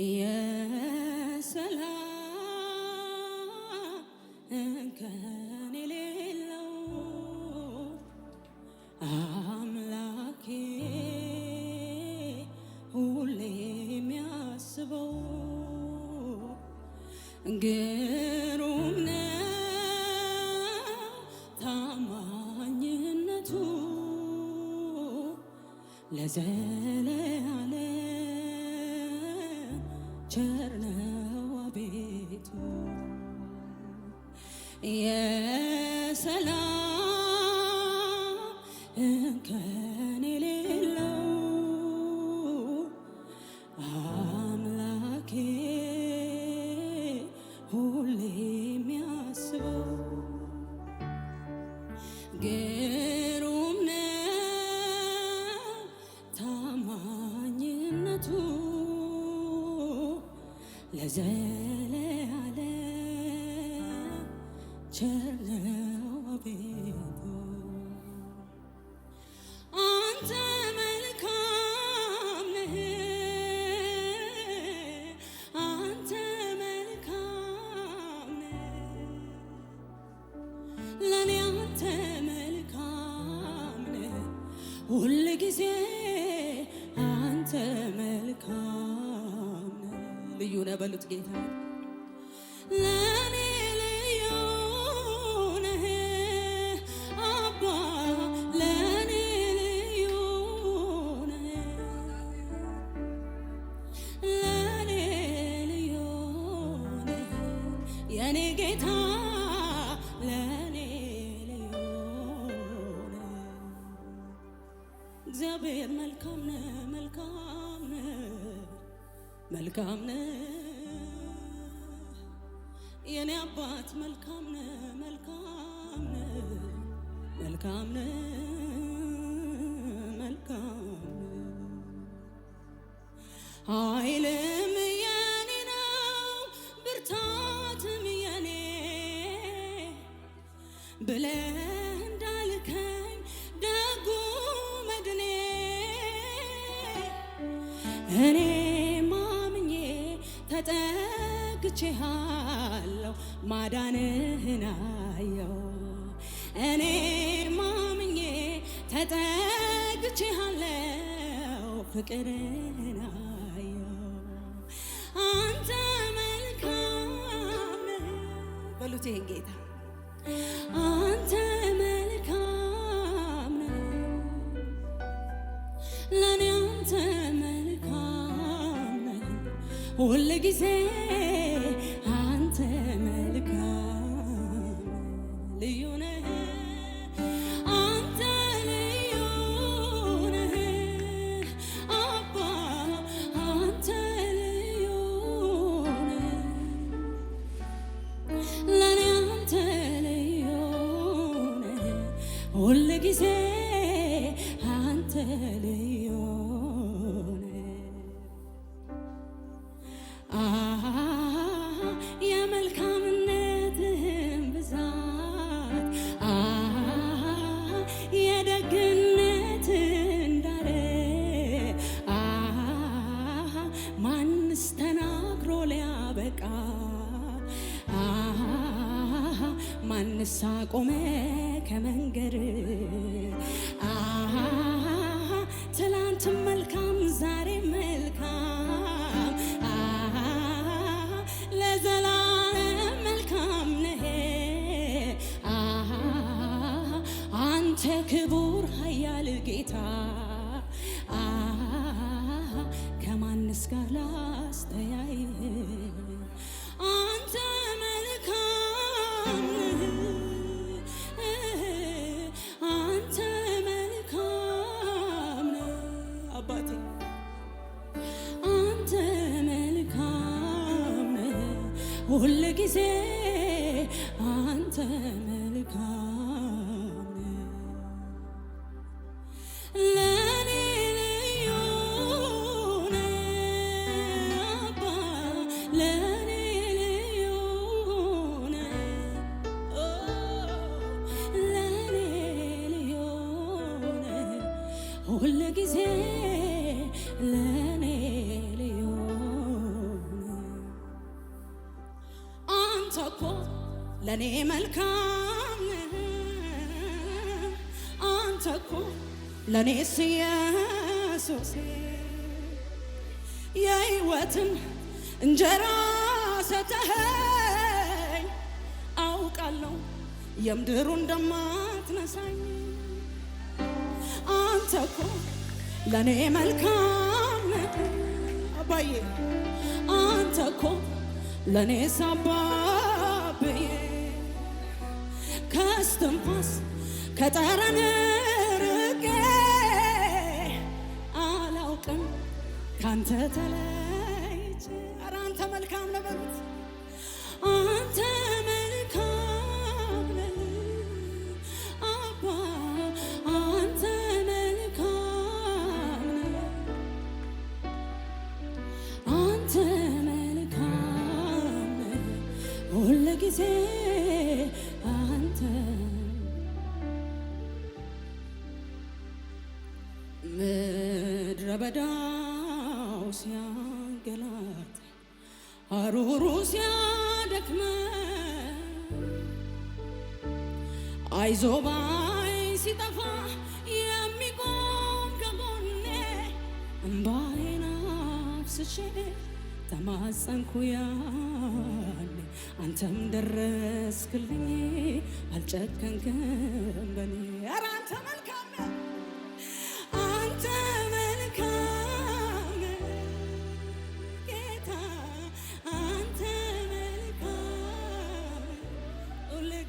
የሰላም እንከን የሌለው አምላኬ ሁሌ የሚያስበው ግሩም ነው ታማኝነቱ ለዘ can't. በሉት ጌታ ለኔ ልዩ ነህ አባ ለኔ ልዩ ነህ ለኔ ልዩ ነህ የኔ ጌታ ለኔ ልዩ ነህ እግዚአብሔር መልካም ነህ መልካም ነህ መልካም ነህ የኔ አባት መልካም ነህ፣ መልካም ነ መልካም ነህ፣ መልካም ነህ። ኃይልም የኔ ነው ብርታትም የኔ ብለህ እንዳልከኝ ደጉ መድኔ እኔ ማምኜ ተጠግቼሃ ማዳንህን አየው እኔን ማምኜ ተጠግቼሃለው ፍቅርህን አየው አንተ መልካም በሉት ይህን ጌታ አንተ መልካም ለእኔ አንተ መልካም ሁል ጊዜ the universe. ተናግሮ ሊያበቃ ማንስ አቆመ ከመንገድ ትላንት መልካም ዛሬ güzel ለእኔ መልካም አንተ እኮ ለእኔስ ኢየሱሴ የሕይወትን እንጀራ ሰጠኸኝ አውቃለሁ የምድሩ እንደማትነሳኝ አንተ እኮ ለእኔ መልካም አባዬ አንተ እኮ ለእኔስ አባ እስትንፋስ ከጠረን ርቄ አላውቅም ካንተ ተለ በዳው ሲያንገላት አሩሩ ሲያደክመ ባይ ሲጠፋ የሚቆም ከጎኔ እምባዬን አፍስሼ ተማጸንኩ ያኔ አንተም ደረስክልኝ አልጨከንክም በኔ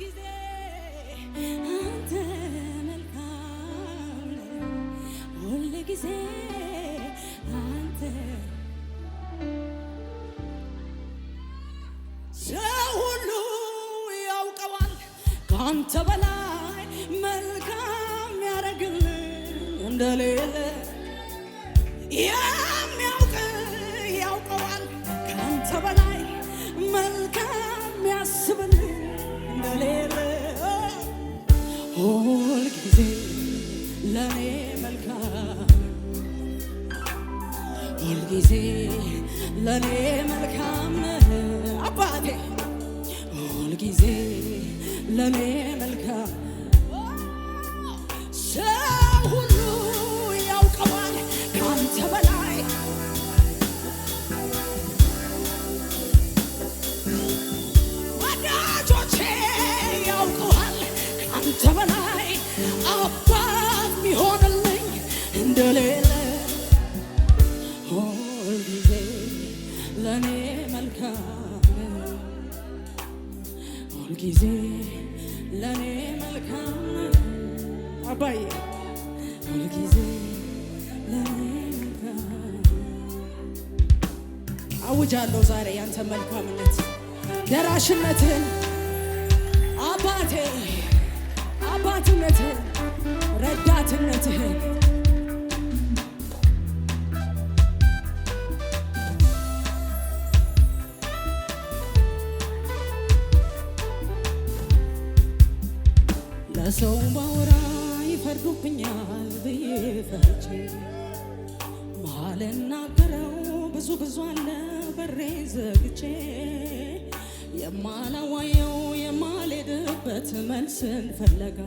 ጊዜ አንተ ያውቀዋል ከአንተ በላይ መልካም ያደርግልን እንደሌለ ሁል ጊዜ ለኔ መልካም አባቴ፣ ሁል ጊዜ ለኔ መልካም ሰው ሁሉ ያውቀዋል ካንተ በላይ ወዳጆቼ ያውቀዋል ካንተ በላይ አባት ሚሆንልኝ ሁልጊዜ ለእኔ መልካም አባዬ ሁልጊዜ ለእኔ መልካም አውጃለሁ ዛሬ ያንተ መልካምነት ደራሽነትን አባቴ አባትነትን ረዳትነትህን ሰው ባወራ ይፈርዱብኛል ብዬ ፈርቼ መሀል እናገረው ብዙ ብዙ አለ በሬ ዘግቼ የማላዋየው የማልሄድበት መልስን ፈለጋ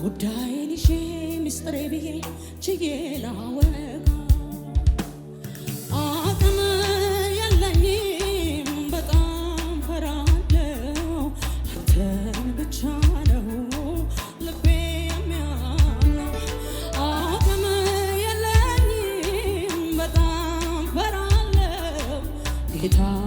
ጉዳይን ይዤ ሚስጥሬ ብዬ ችዬ ላወጋ guitar.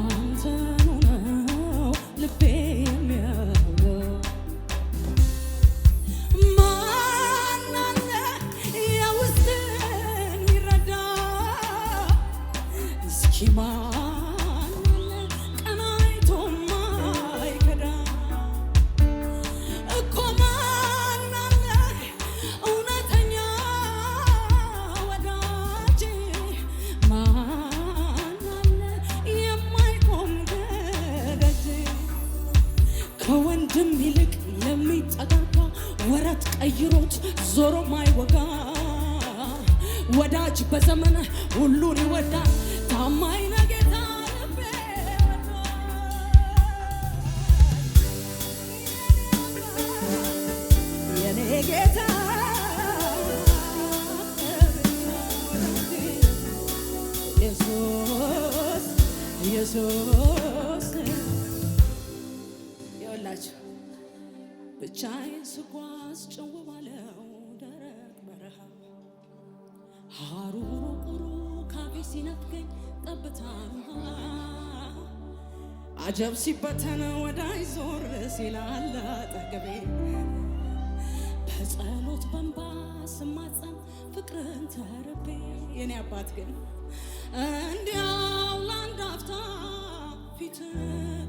ወዳጅ በዘመን ሁሉን ይወዳል። ታማኝ ነው ጌታ ልቤ የኔ ጌታ ኢየሱስ ኢየሱስ ይወላችሁ ብቻዬን ስጓዝ ጭው ባለው ደረቅ በረሃ ሀሩ ቁሩ ካፌ ሲነፍገኝ ጠብታ አጀብ ሲበተን ወዳይ ዞር ሲላለ አጠገቤ! በጸሎት በንባ ስማጸን ፍቅርን ተርቤ የኔ አባት ግን እንዲያው ለአንድ አፍታ ፊት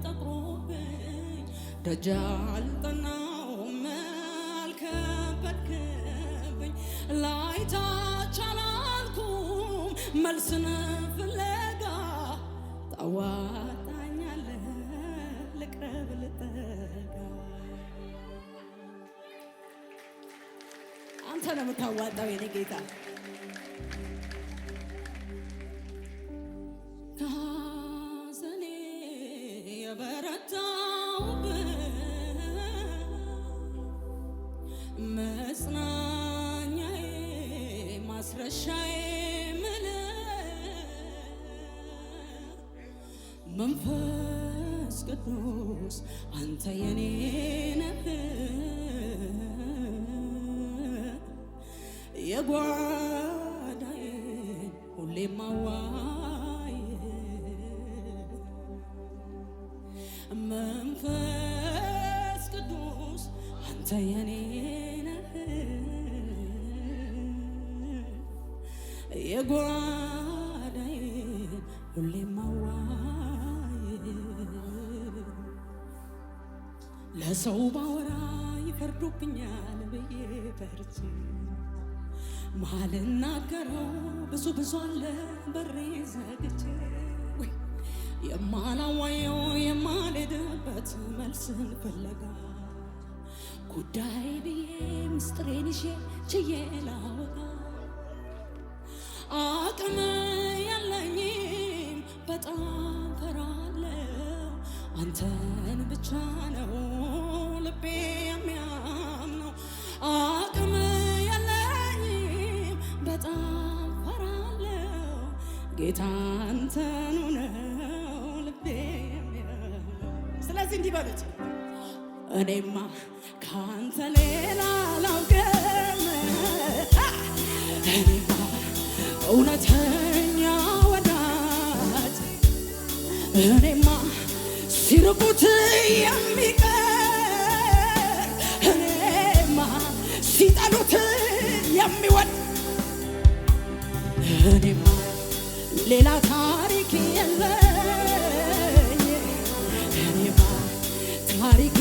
ጠቁሮብኝ ደጃ አልጠናውም አልከበድክብኝ ላይታቻላ መልስን ፍለጋ ታዋጣኛለ ልቅረብ ልጠጋ አንተ ነው የምታዋጣው የኔ ጌታ መንፈስ ቅዱስ አንተ የኔ ነህ የጓዳዬን ሁሌ ማዋይ መንፈስ ቅዱስ አንተ የኔ ነህ የጓዳዬን ሁሌ ከሰው ባወራ ይፈርዱብኛል ብዬ ፈርቼ ማልናገረው ብዙ ብዙ አለ በሬ ዘግቼ የማላዋየው የማልሄድበት መልስን ፍለጋ ጉዳይ ብዬ ምስጢሬን ይዤ ችዬ ላወጋ አቅም ያለኝም በጣም ፈራለሁ አንተን ብቻ ነው ልቤ የሚያምነው። አቅም የለኝም በጣም ፈራለው ጌታ አንተኑ ነው ልቤ የሚያምነው። ስለዚህ እንዲህ በሉት እኔማ ከአንተ ሌላ አላውቅም እኔማ እውነተኛ ወዳጅ እኔማ ሲርቁት የሚቀር እኔማ ሲጠሉት የሚወድ እኔማ ሌላ ታሪክ የለኝ እኔማ ታሪኬ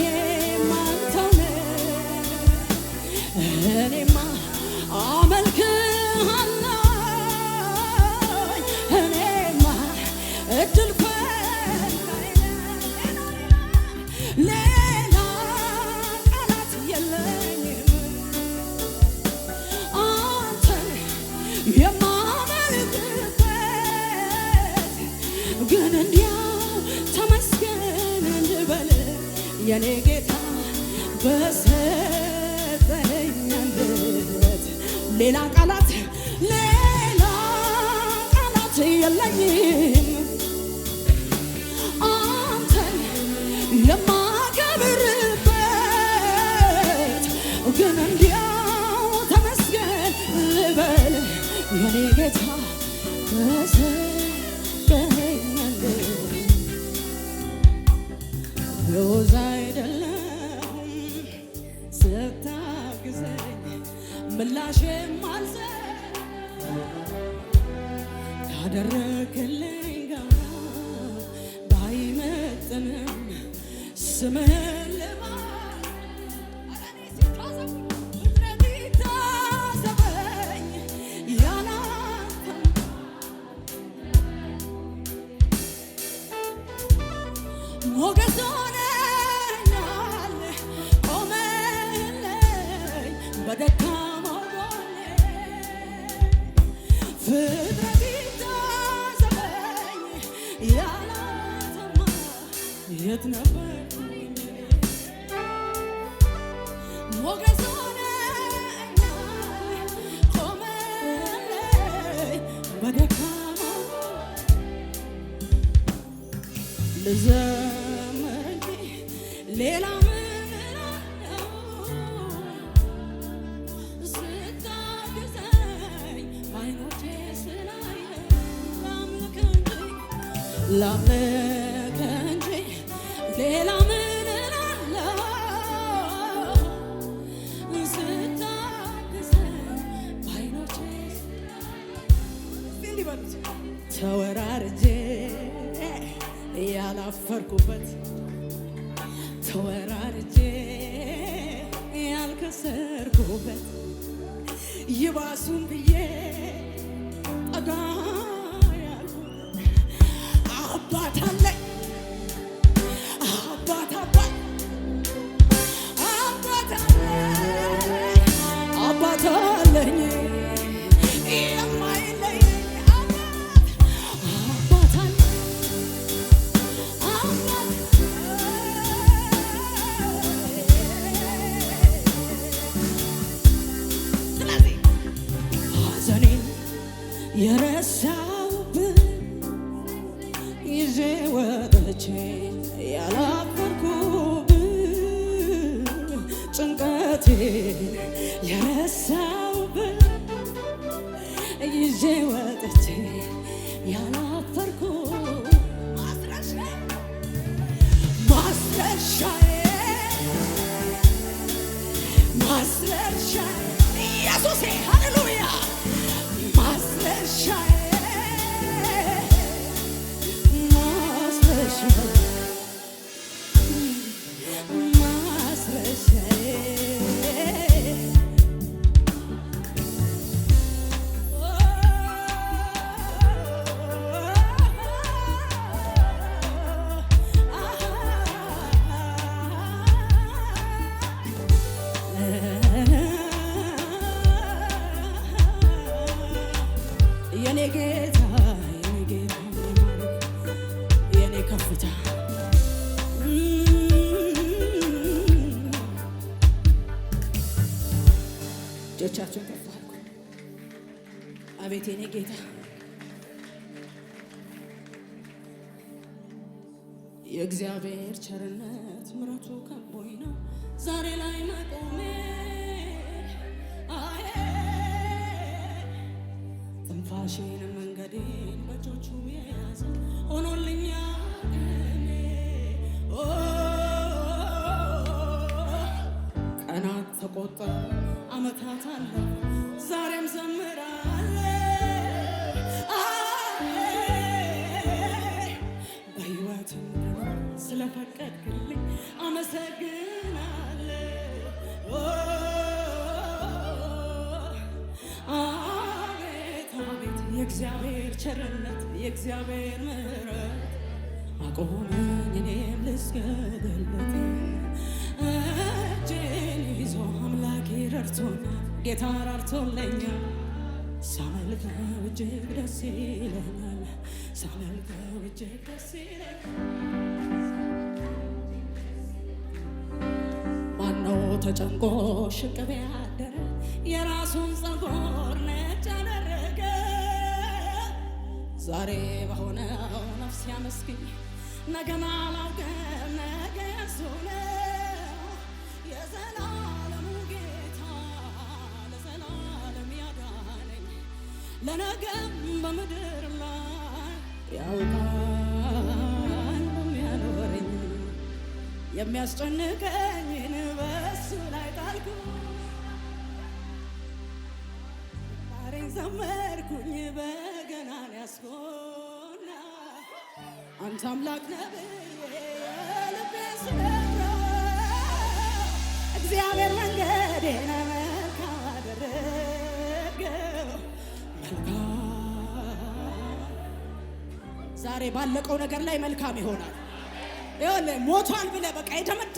የኔ ጌታ በሰጠኝ ሌላ ቃላት ሌላ ቃላት ምላሽም አልዘል ያደረክልኝ ጋር ባይመጥንም ስምህን ሞገሶነኛል ቆመለኝ በደካ ፍጥረት ይታዘበኝ ያላተማ የት ነበር ላምከ እንጂ ሌላ ምን እላለሁ? ስታግዘኝ በዓይኖቼ ተወራርጄ ያላፈርኩበት ተወራርጄ ያልከሰርኩበት ይባሱም ብዬ God. አፈርኩ ተቆጠሩ አመታት አለ ዛሬም ዘምራለ በህይወት ስለፈቀድክልኝ አመሰግናለ አቤት አቤት የእግዚአብሔር ቸርነት የእግዚአብሔር ምሕረት አቆመኝ እኔም ልስገደለት ረድቶኛል ጌታ ረድቶለኛል። ሳመልከው እጅግ ደስ ይለኛል። ሳመልከው እጅግ ደስ ይለኛል። ማነው ተጨንቆ ሽቅብ ያደረ የራሱን ጸጉር ነጭ ያደረገ ዛሬ በሆነው ነፍስ ያመስግኝ ነገና ላውቅም ነገ የእርሱ የዘላ ለነገም በምድር ላይ ያውቃል የሚያኖረኝ የሚያስጨንቀኝን በሱ ላይ ጣልኩ። ዛሬን ዘመርኩኝ በገናን ያስኮና አንተ አምላክ ነብዬ ልቤ ስለራ እግዚአብሔር መንገዴ ነው ዛሬ ባለቀው ነገር ላይ መልካም ይሆናል። ሞቷል ብለህ በቃ የደመደ